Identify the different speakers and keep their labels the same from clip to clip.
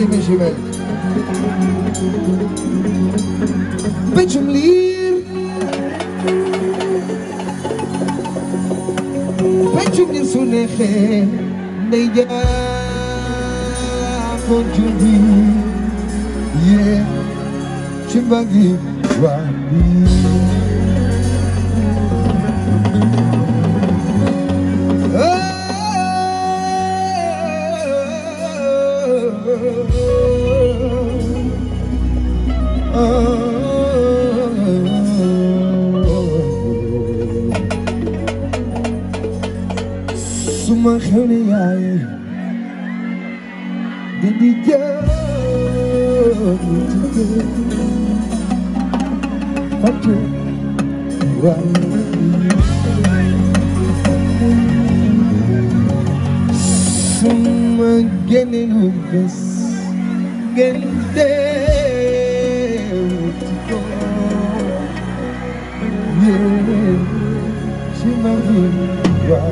Speaker 1: mi sivel Bëqëm lir Bëqëm lir su neexe ndey jaa kon cu yee ci mbagi waa bi suma xew ne yaay di di jaamu jigéen fàtte waay suma génne lu bés gën dee 내 희망이 와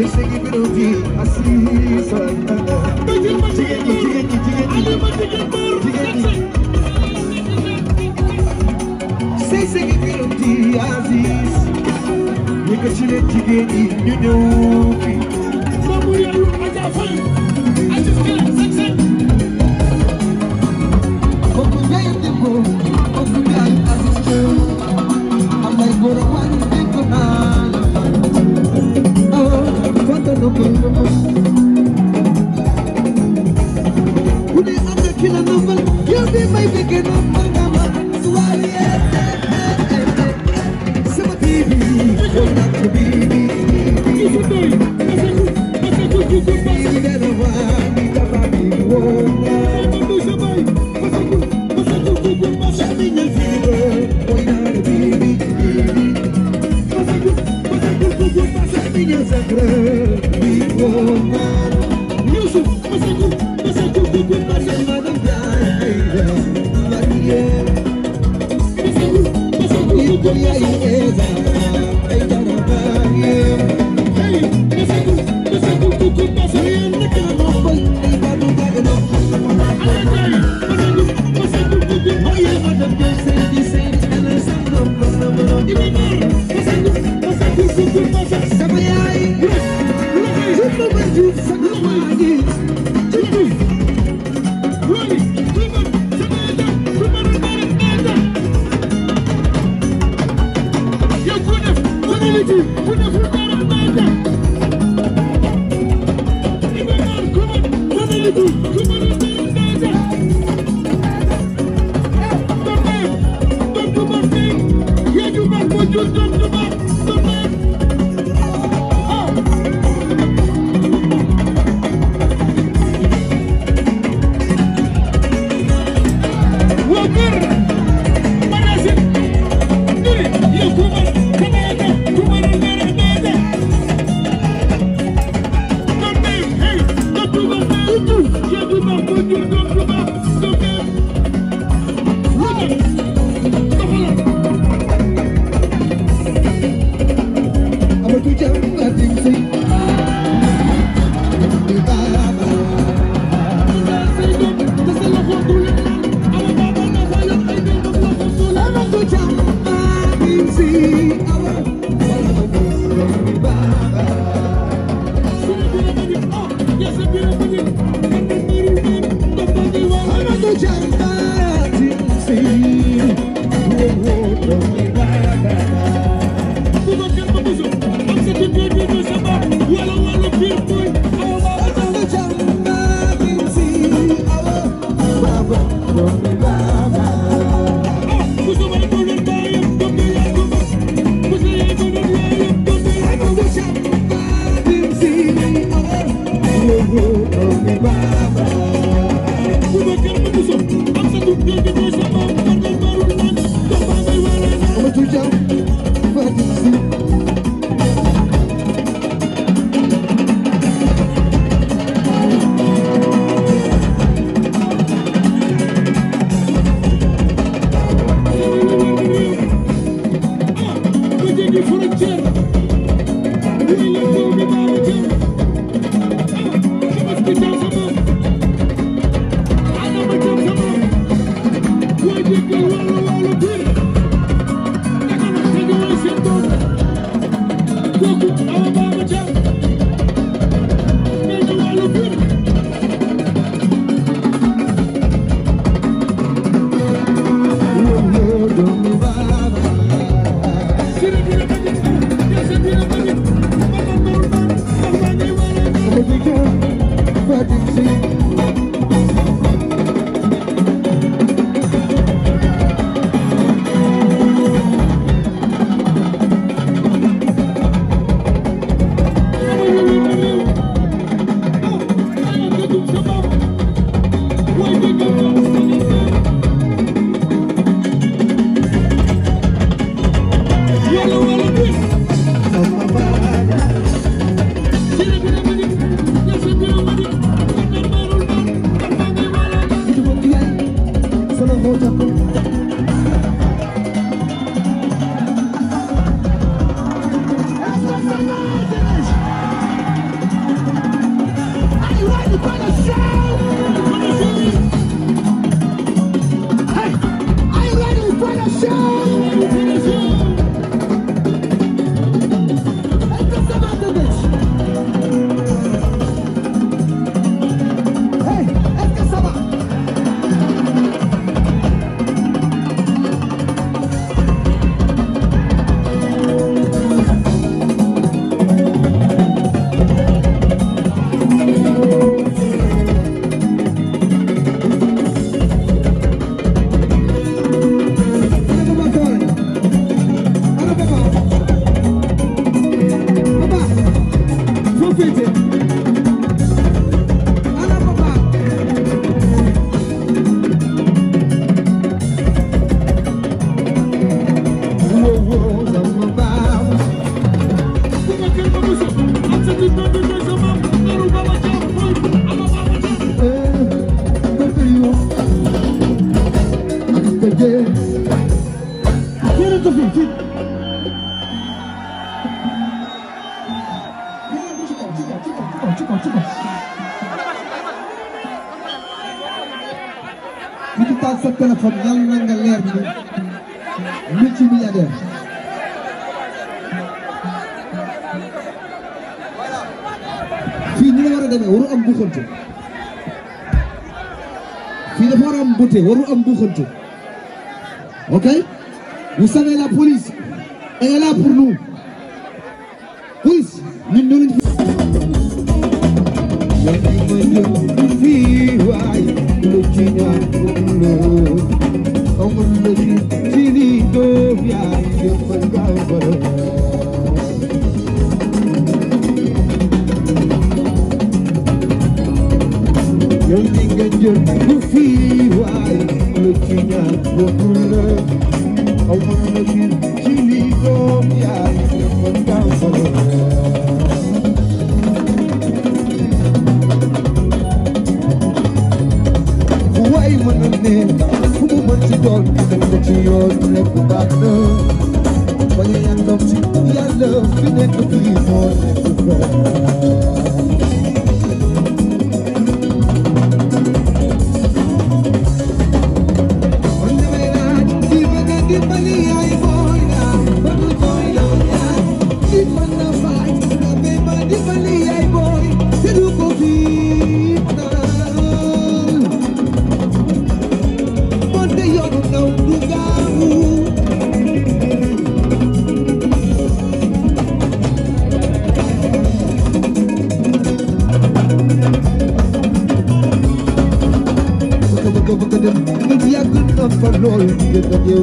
Speaker 1: sëy sëy gi biro bi assis jigéen ñi jigéen ñi jigéen ñi jigéen ñi sëy sëy gi biro bi assis yëkkati ñu ñëw kila number you be my big number sa swali sama tv kona kubibi kisubei nasaku nasaku kukubai ndarwa nitabaki wona mambo sabai nasaku nasaku kukubai shami nyelfido oina bibi nasaku nasaku kukubai shami nyelzakra bibi wona Yusuf, nasaku, nasaku kukubai shami Sama yaay, lu ma juuf sama yaay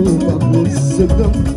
Speaker 1: Papa, c'est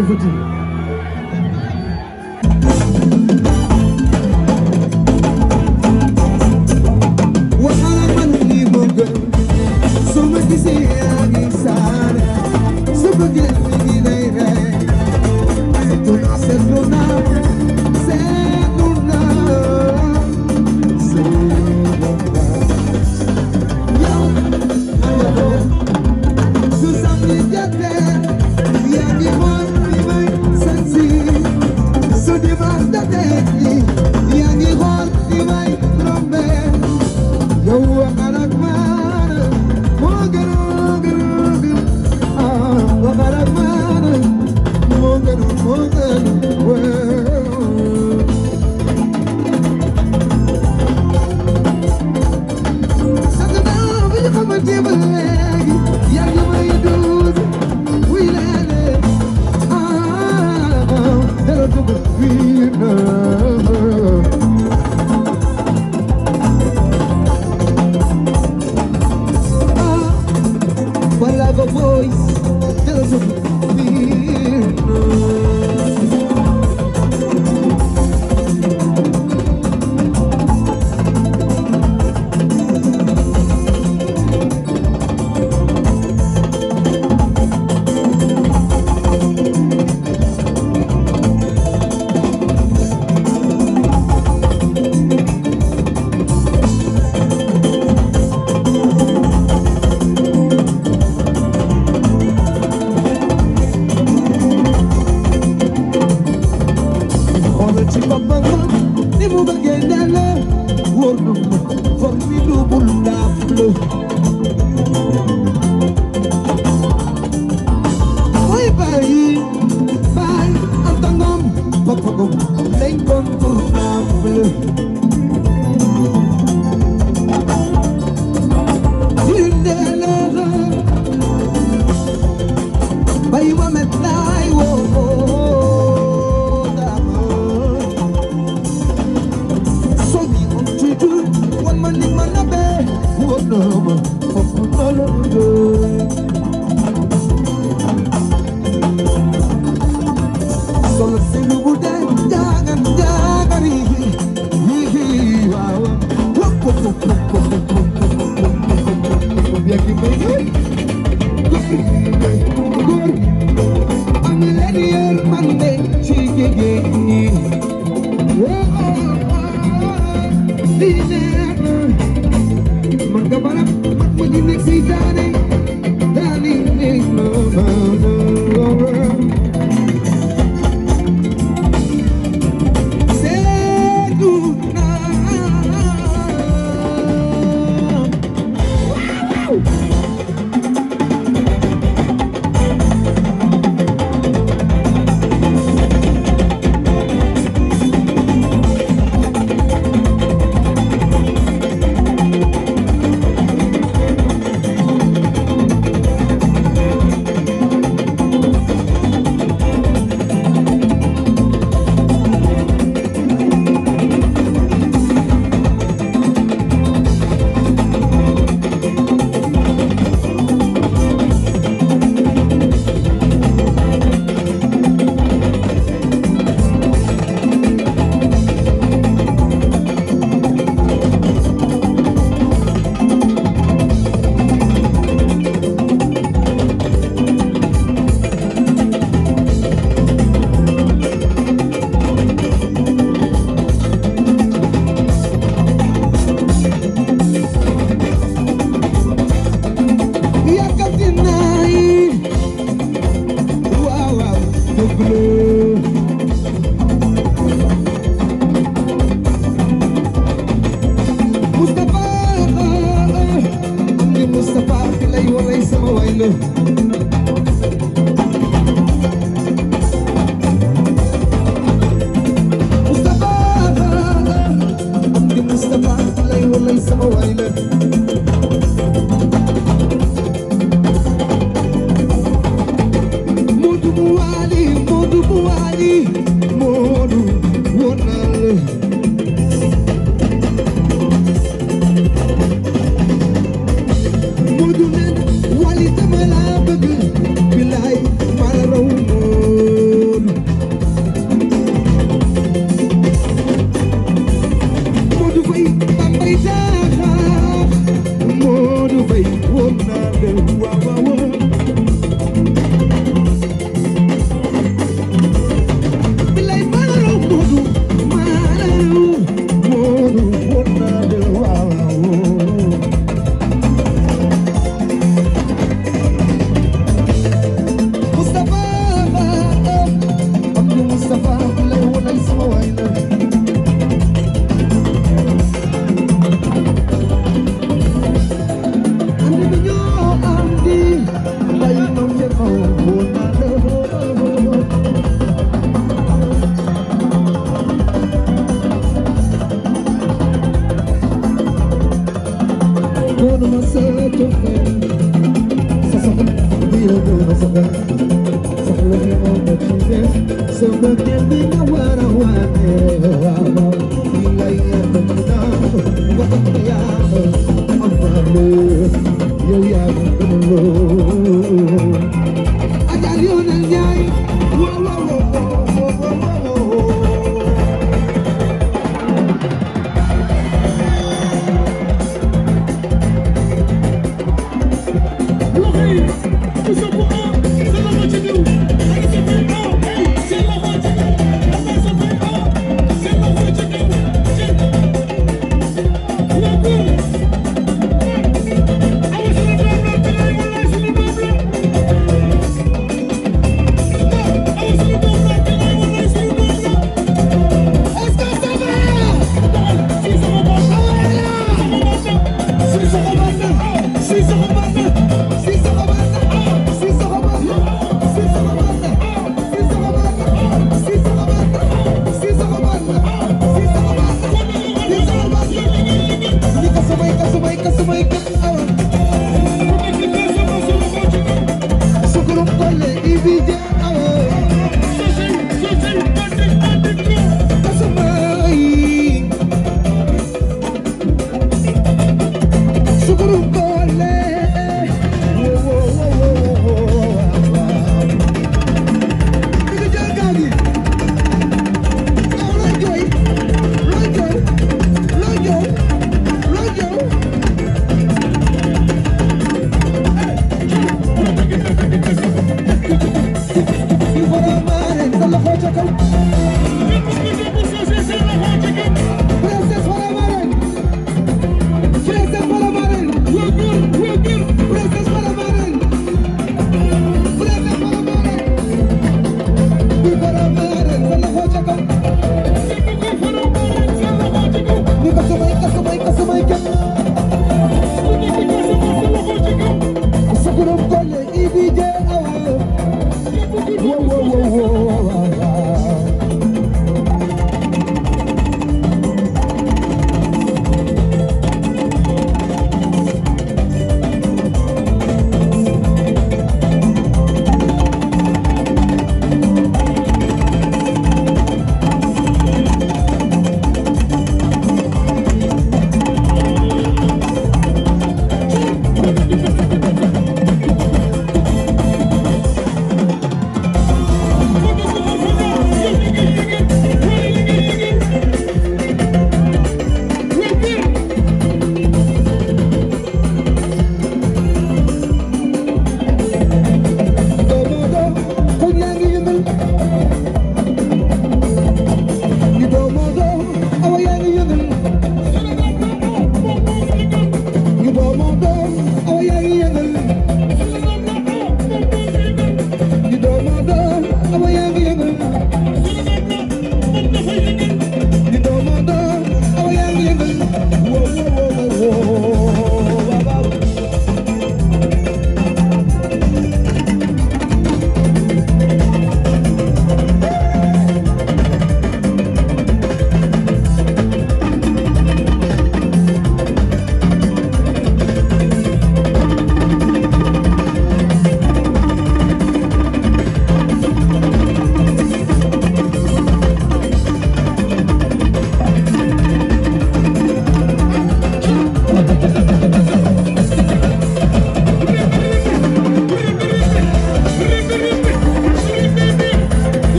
Speaker 1: defati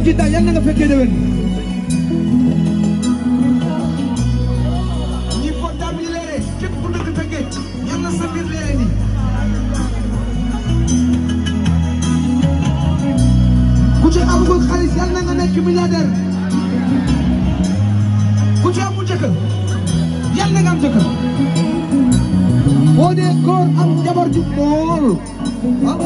Speaker 1: ko ci daal yal na nga fekkee ku dëgg fekkee yal na sa biir leere ku ci amagul xaalis yal na nga nekk ku ci amul jëkkër yal na nga am jëkkër boo dee góor am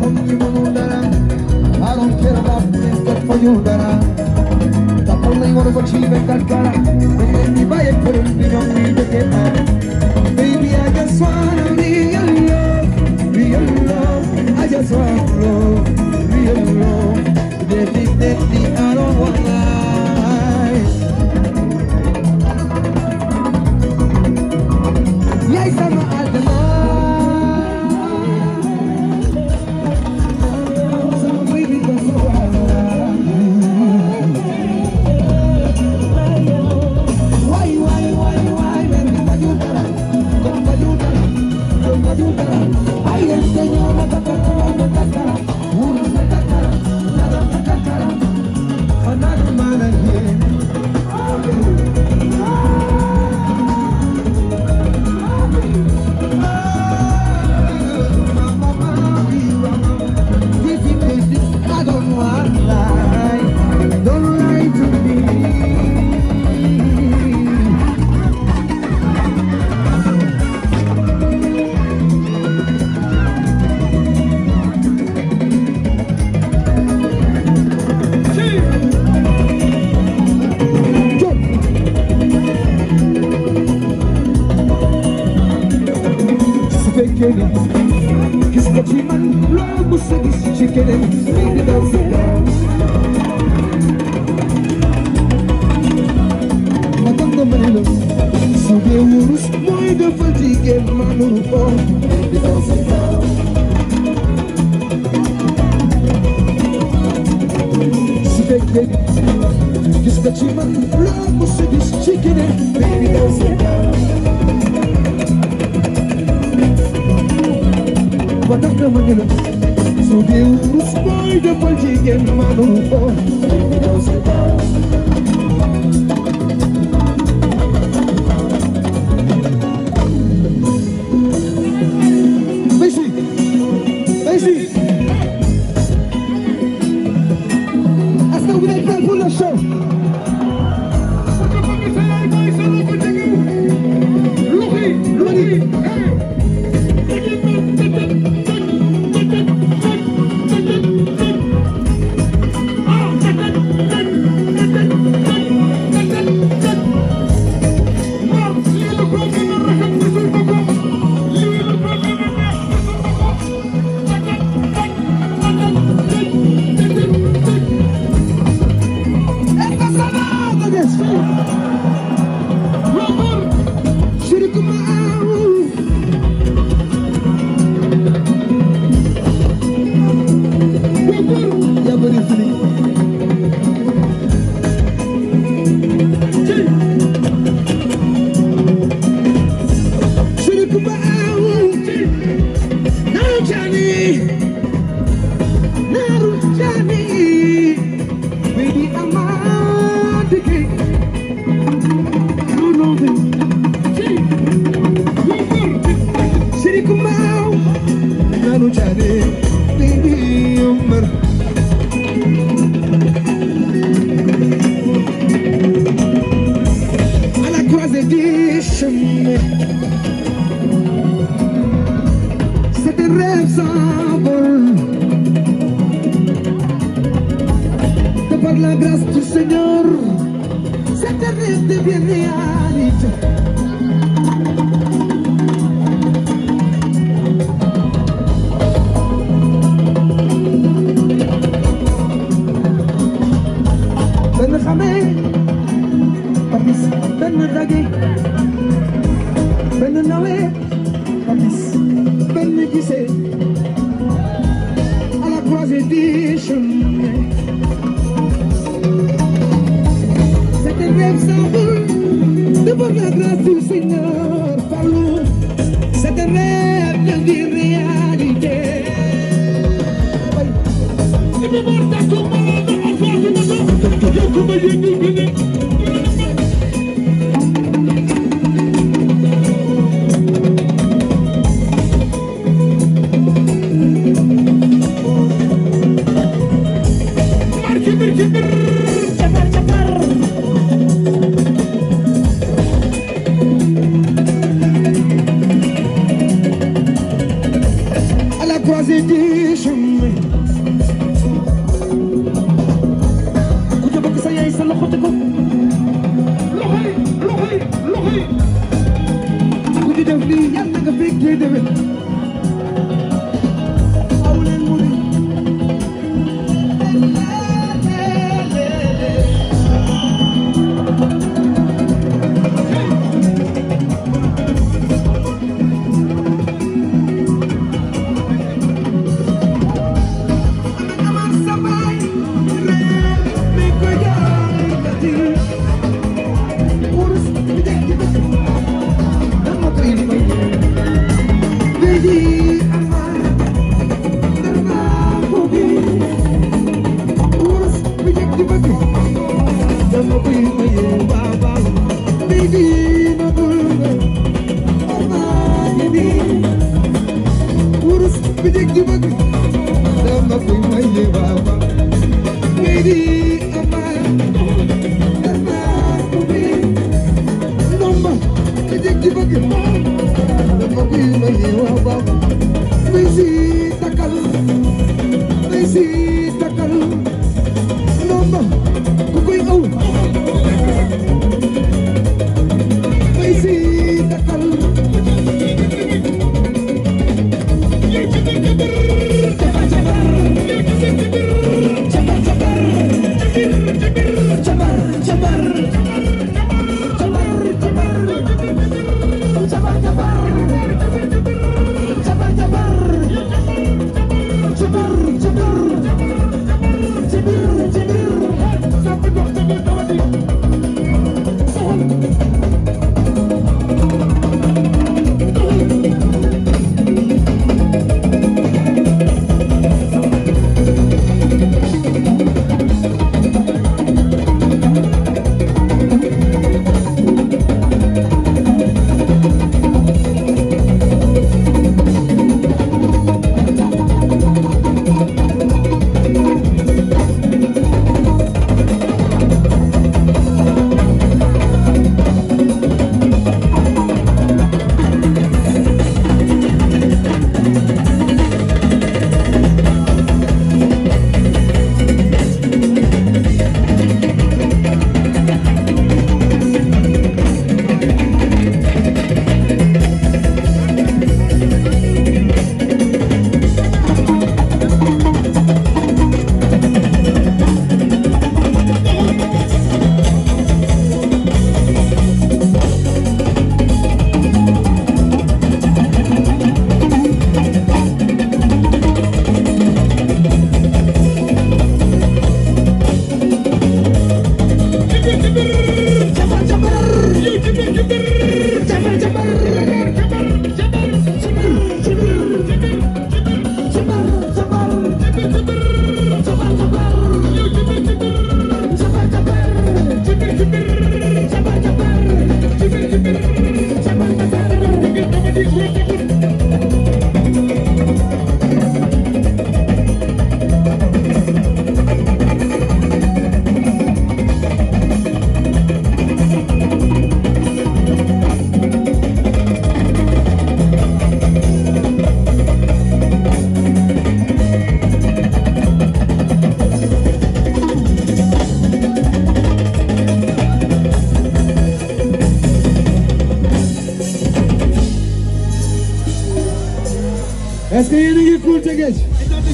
Speaker 1: xamul ñu mënul dara I don't care about this but for a dara tapal nañ war a ko ci benn dara dañ leen di bàyyi këram bi ñoom ñuy dëkkee naan baby I just wanna real love real love I just want love real love gis nga ci man a gis ci keneen mi ngi daw sa kaw naka la su dee ci man loo mës a gis ci ba tax nga mën la soo dee wurus booy defal jigéen manu ko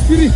Speaker 1: firi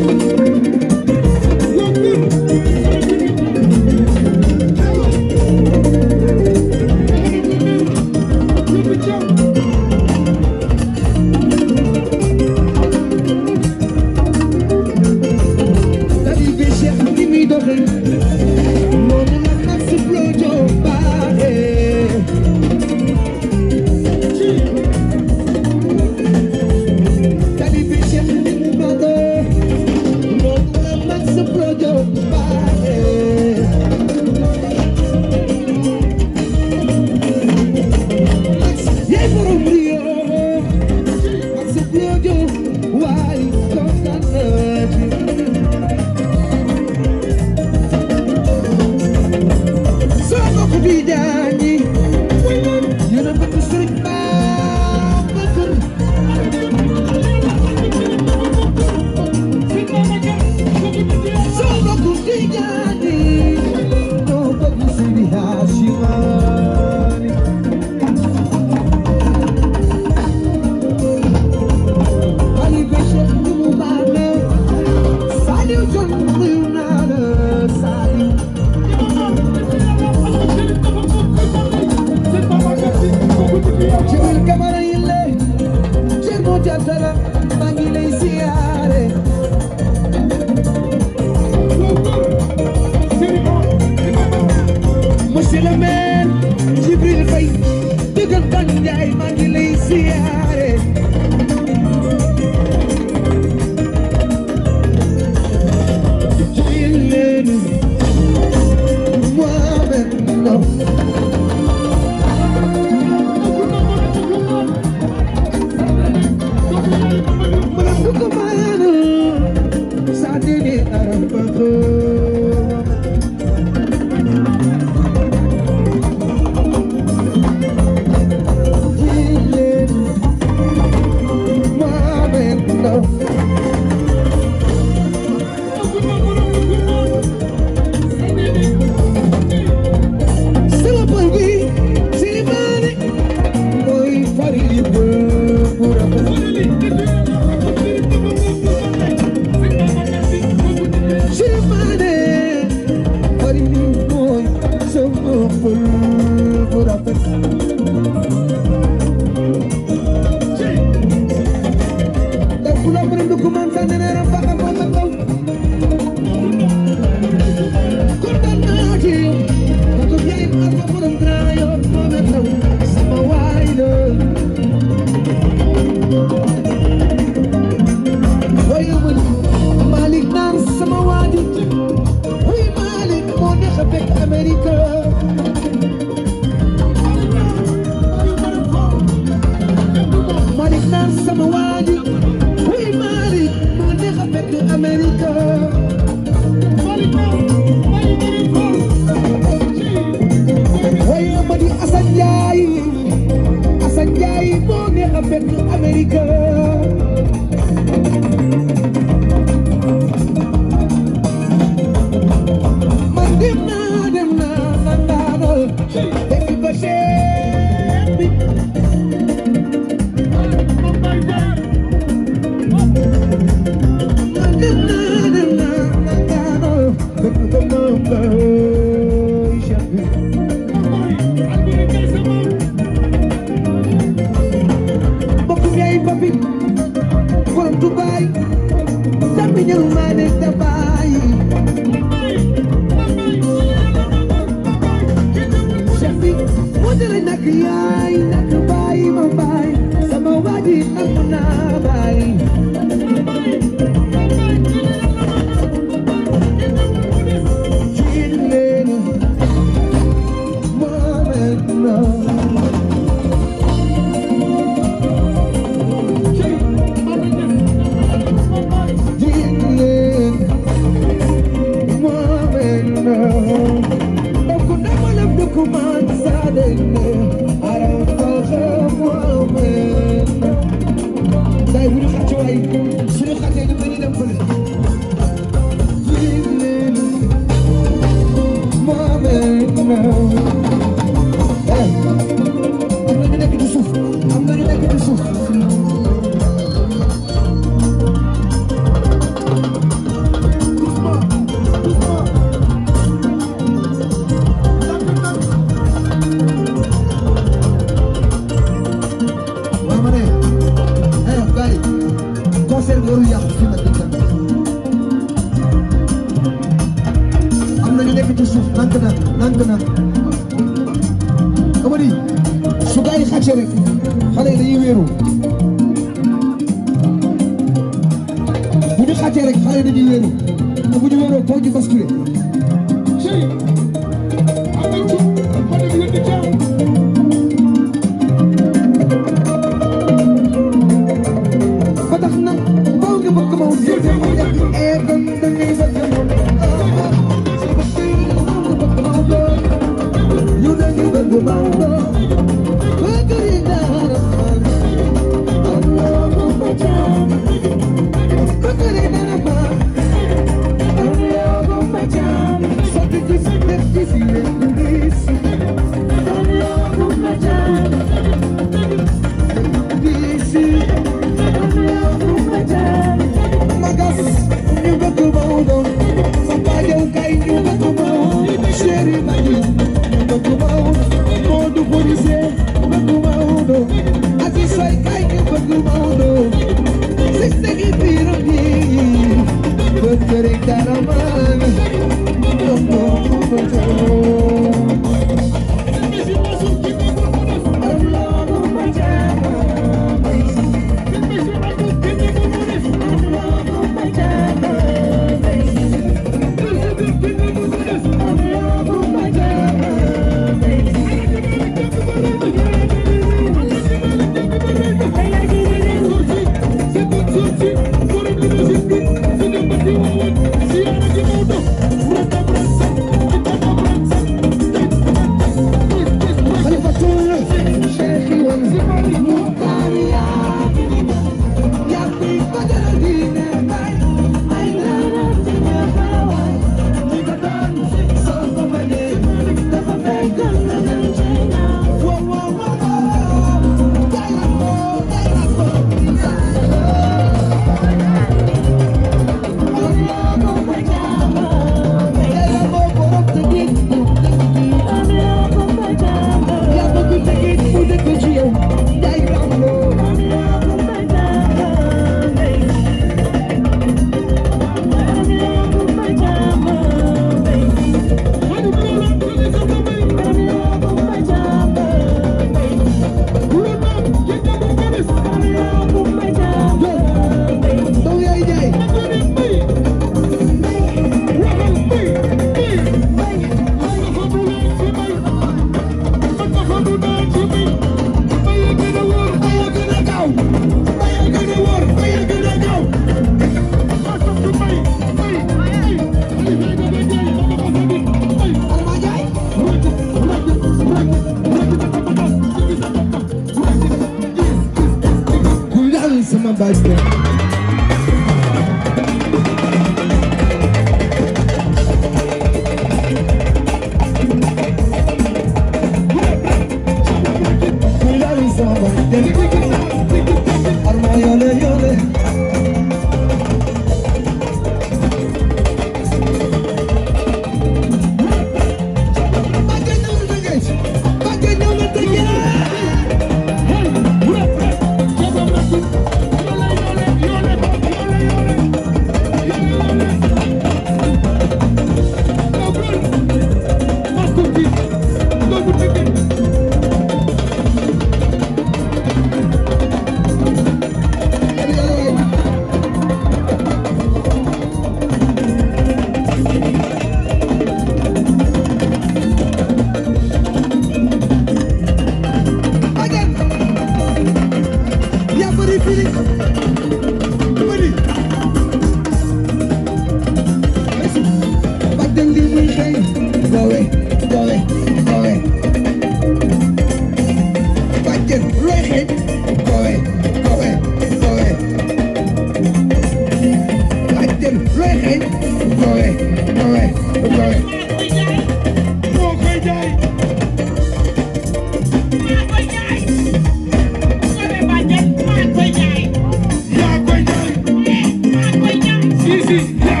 Speaker 1: sa da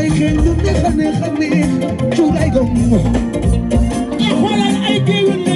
Speaker 1: Ay xoolal ay géwél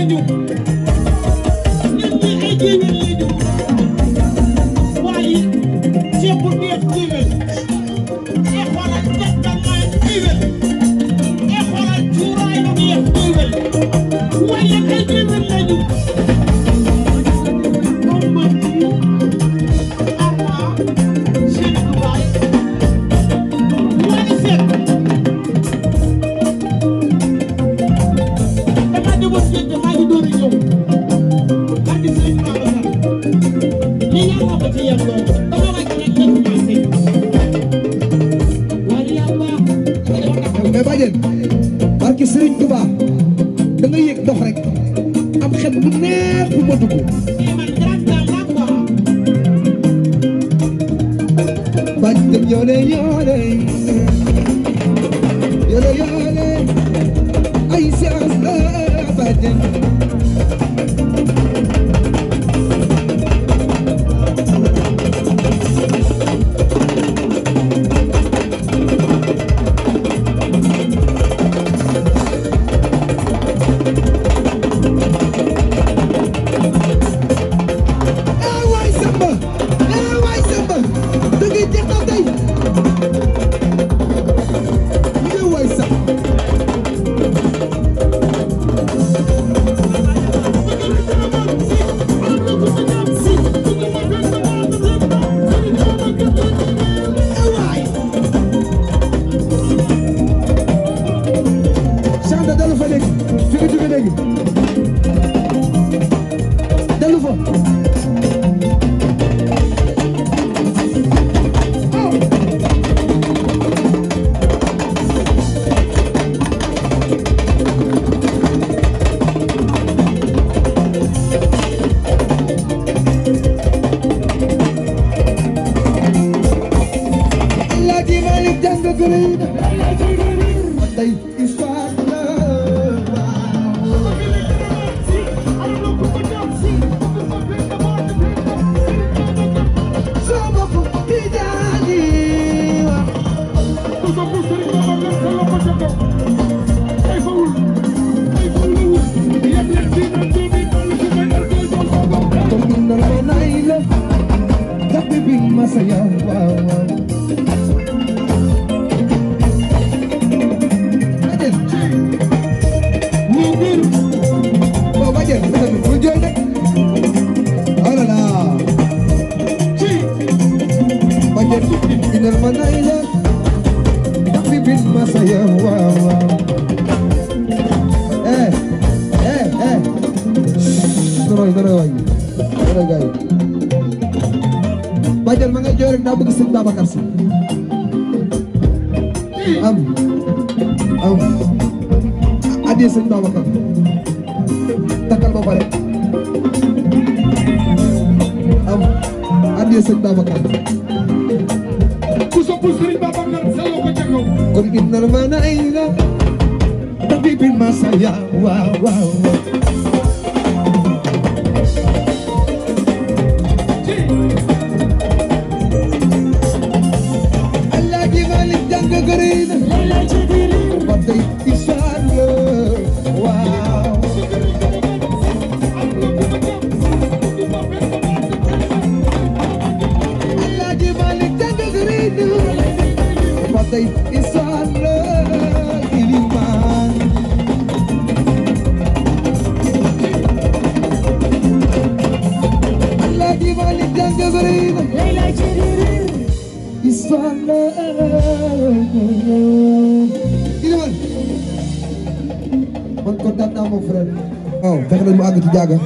Speaker 1: jaaga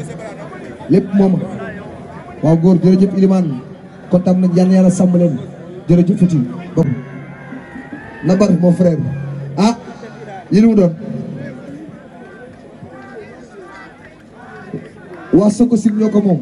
Speaker 1: lépp moom waaw góor jërëjëf Ilimane kontaan nañ yal na yàlla sàmm leen jërëjëf Fati bokk na bar mon frère ah lii lu mu doon waa Sococim moom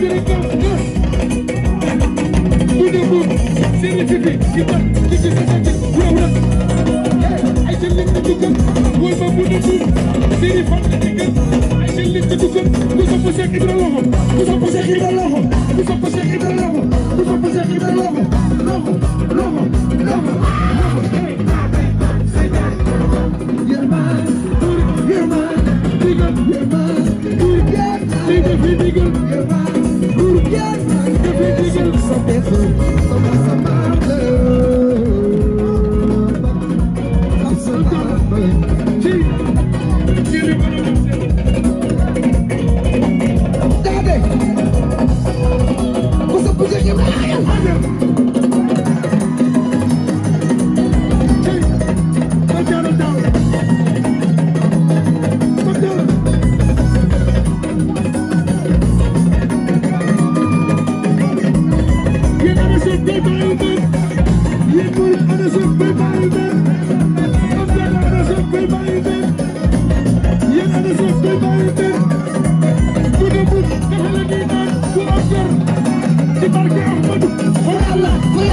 Speaker 1: You're mine. Yes, I'm the biggest of the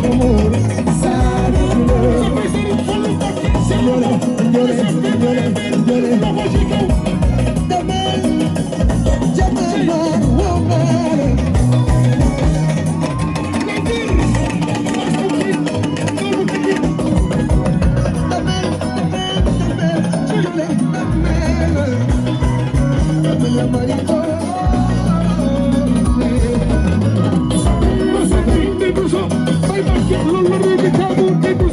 Speaker 1: Señores, señores, señores, señores, señores, loolu la réew mi taamu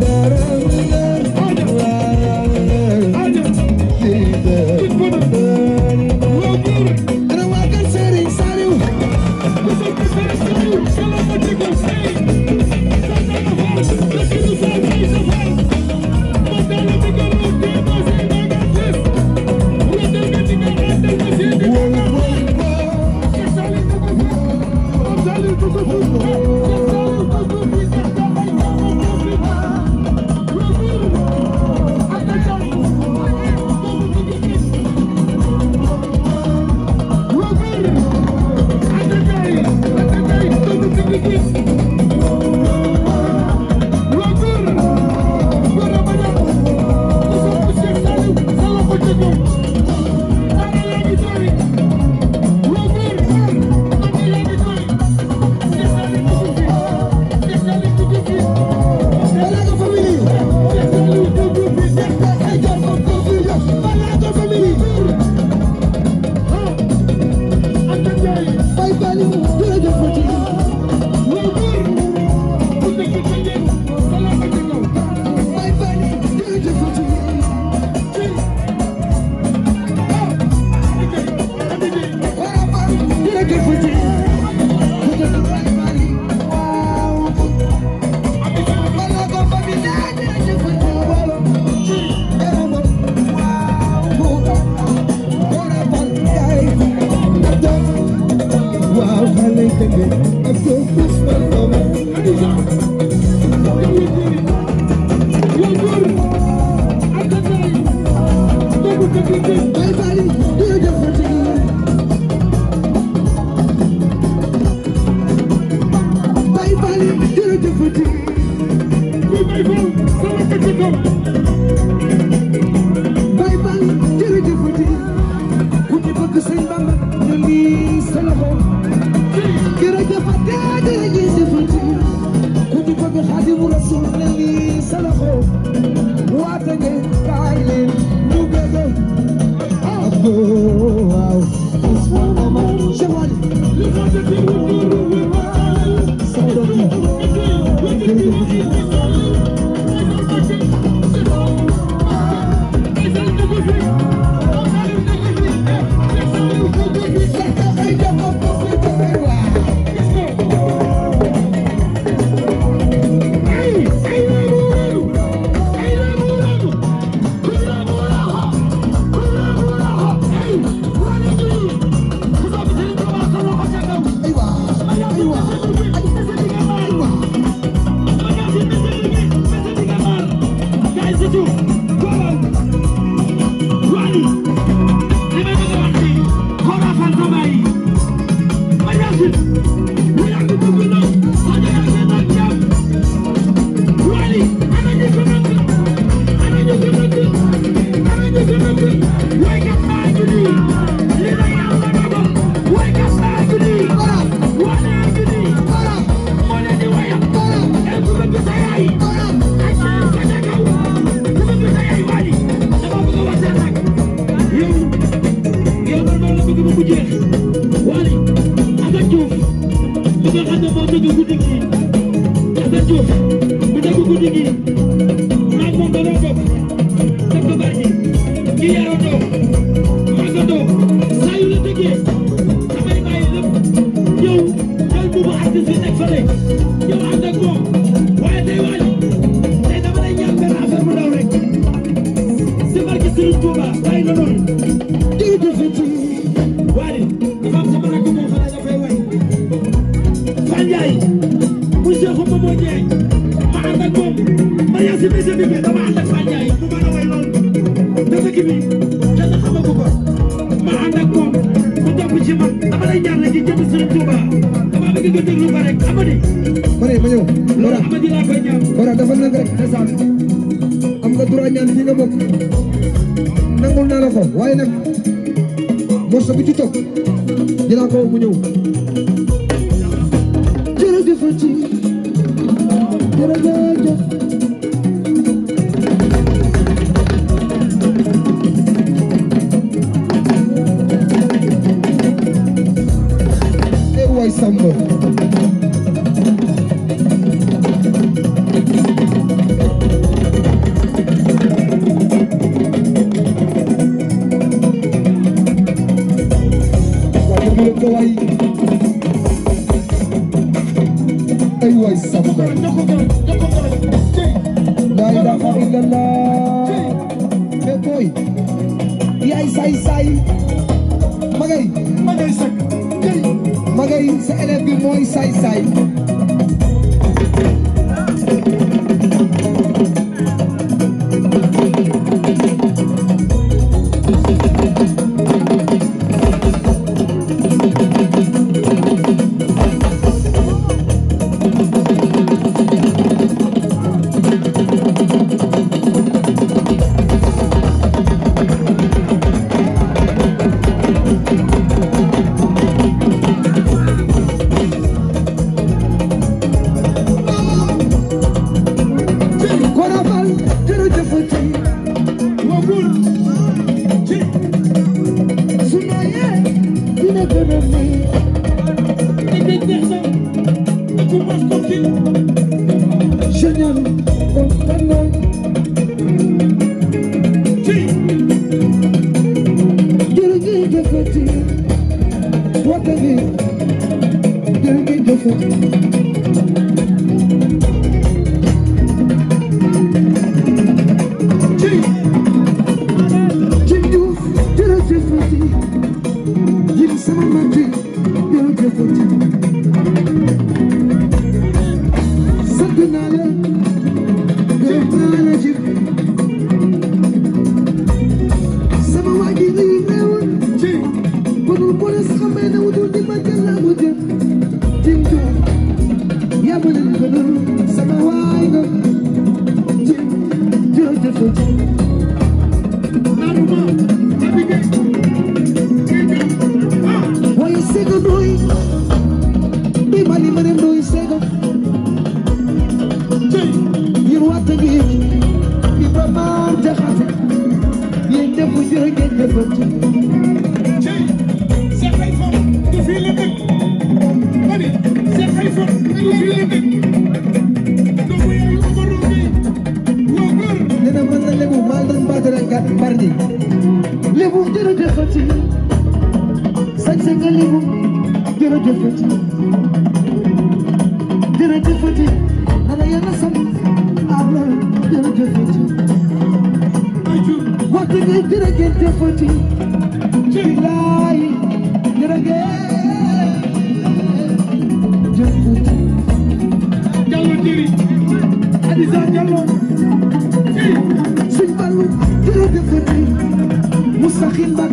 Speaker 1: Dara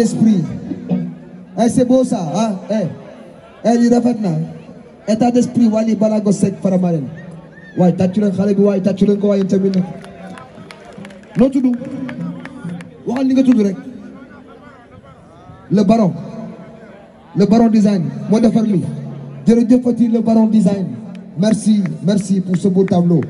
Speaker 1: d'esprit ay eh, c'est beau ça ah eh eh lii rafet na état d'esprit Wally Ballago Seck Faramareen waaye tàccu leen xale bi waaye tàccu leen ko waaye tamit nag noo tudd waxal li nga tudd rek le baron le baron design moo defar li jërëjëfati le baron design merci merci pour ce tableau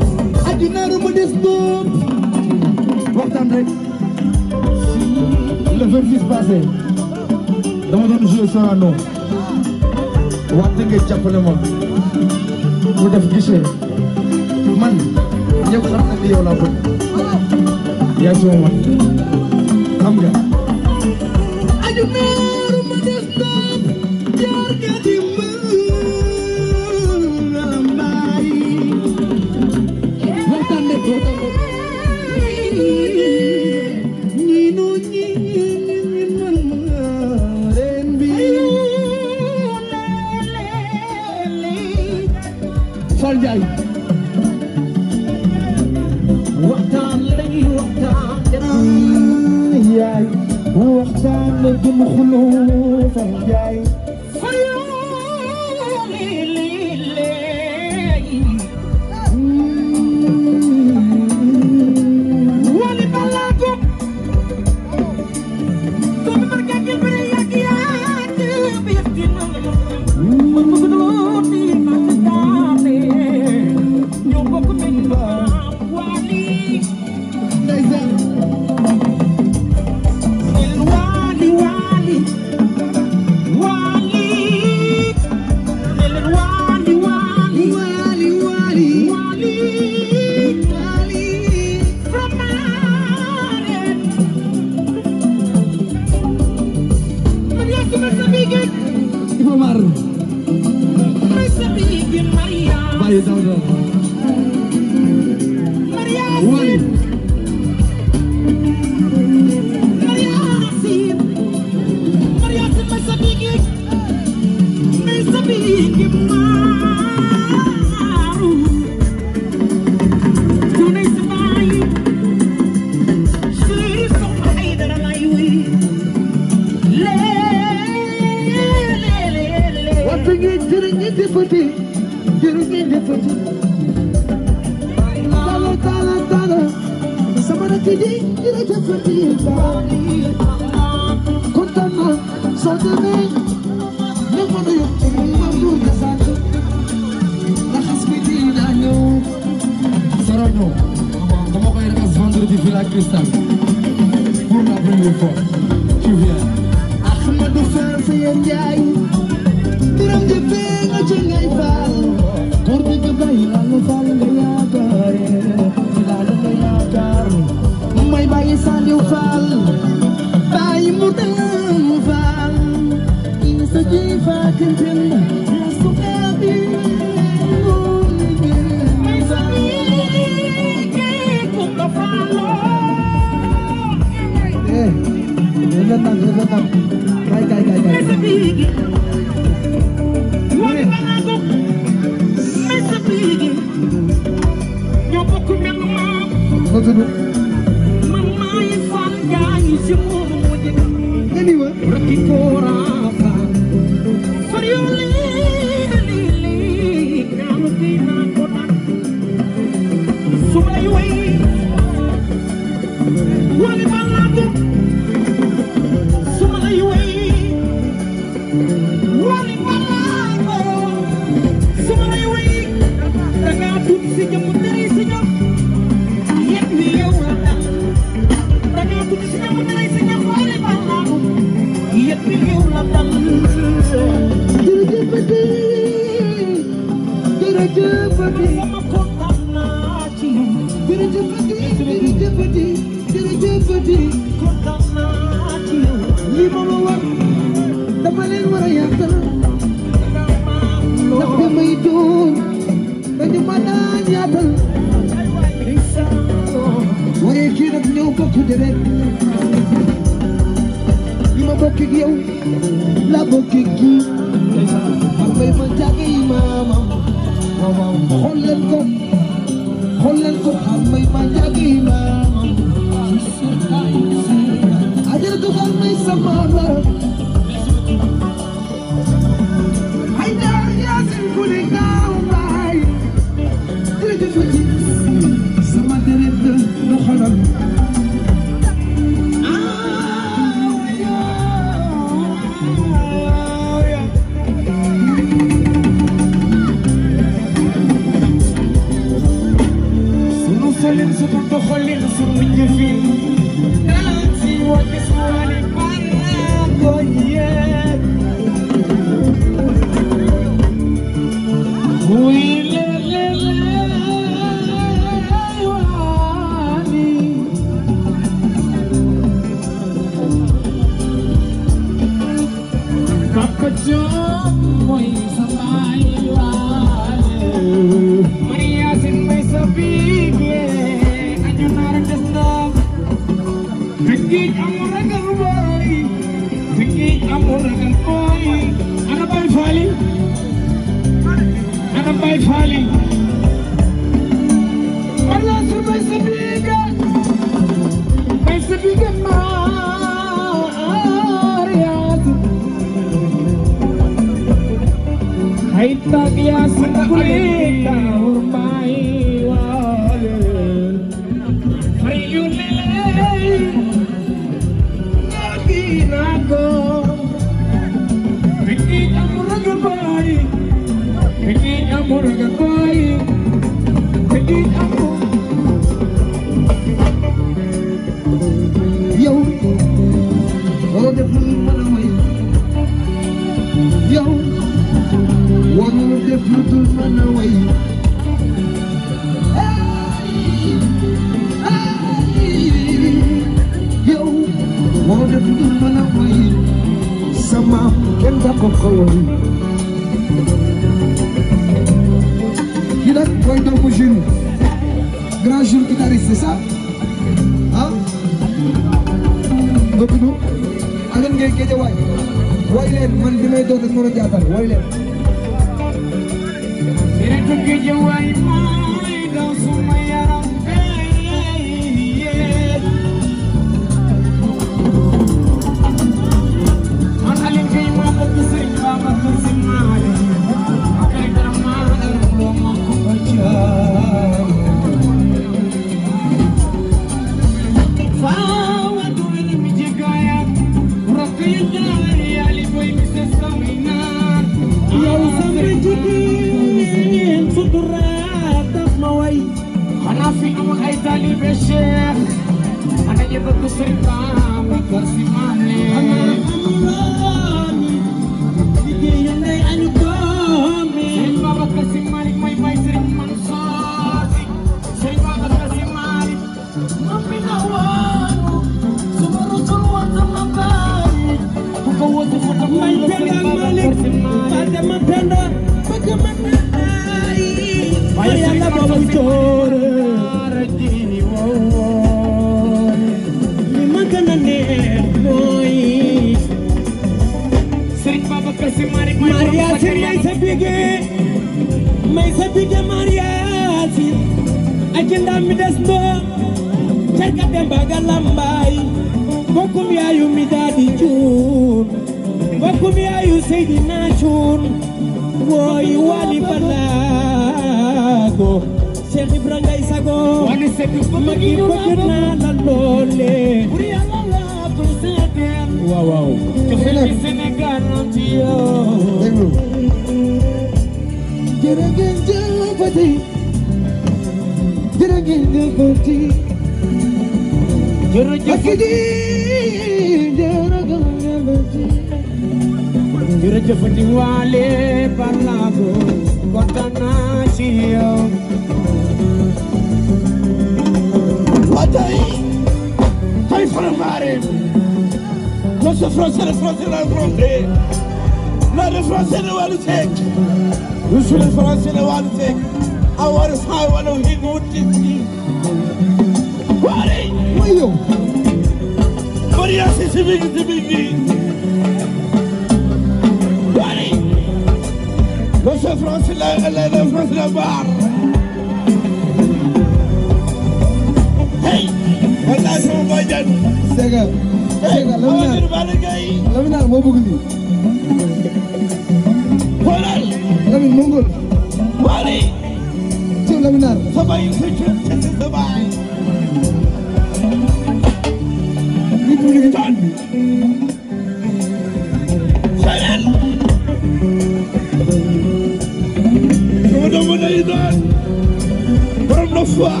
Speaker 1: soir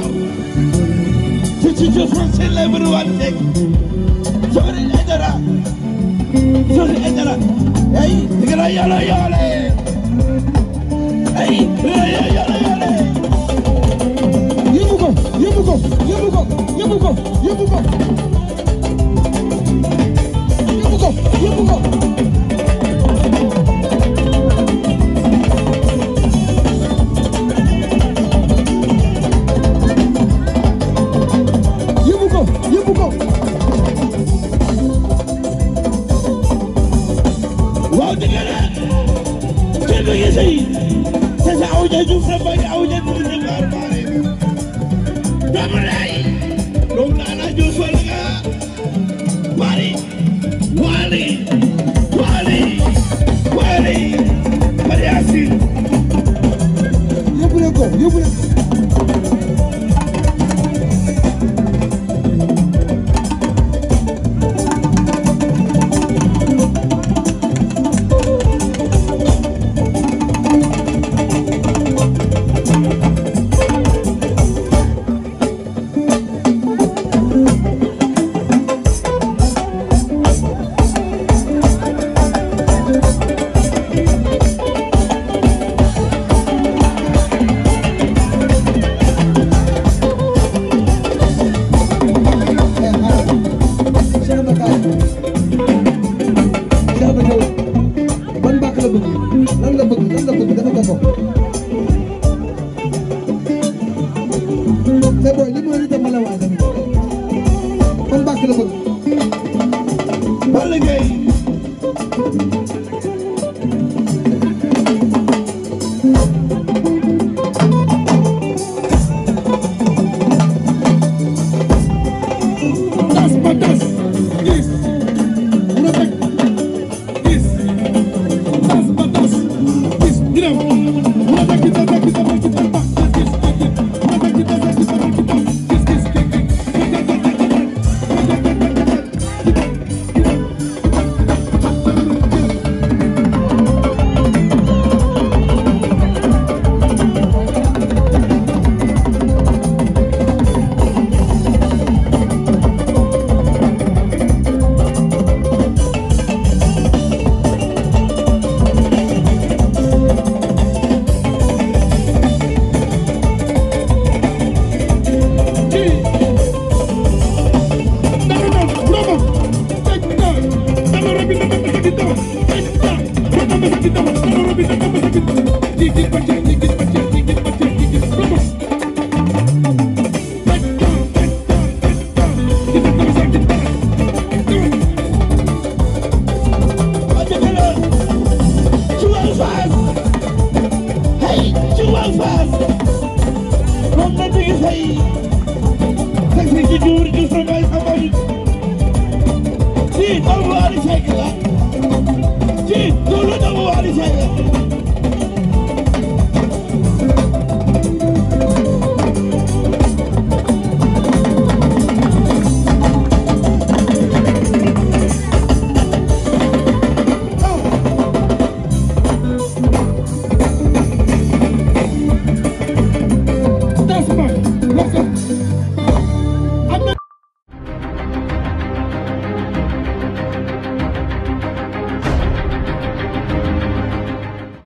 Speaker 1: ci ci ci France célèbre wante Johnny Aidara Johnny Aidara ay dara yala yala ay yala yala yëbu ko yëbu ko yëbu ko yëbu ko yëbu ko yëbu ko yëbu ko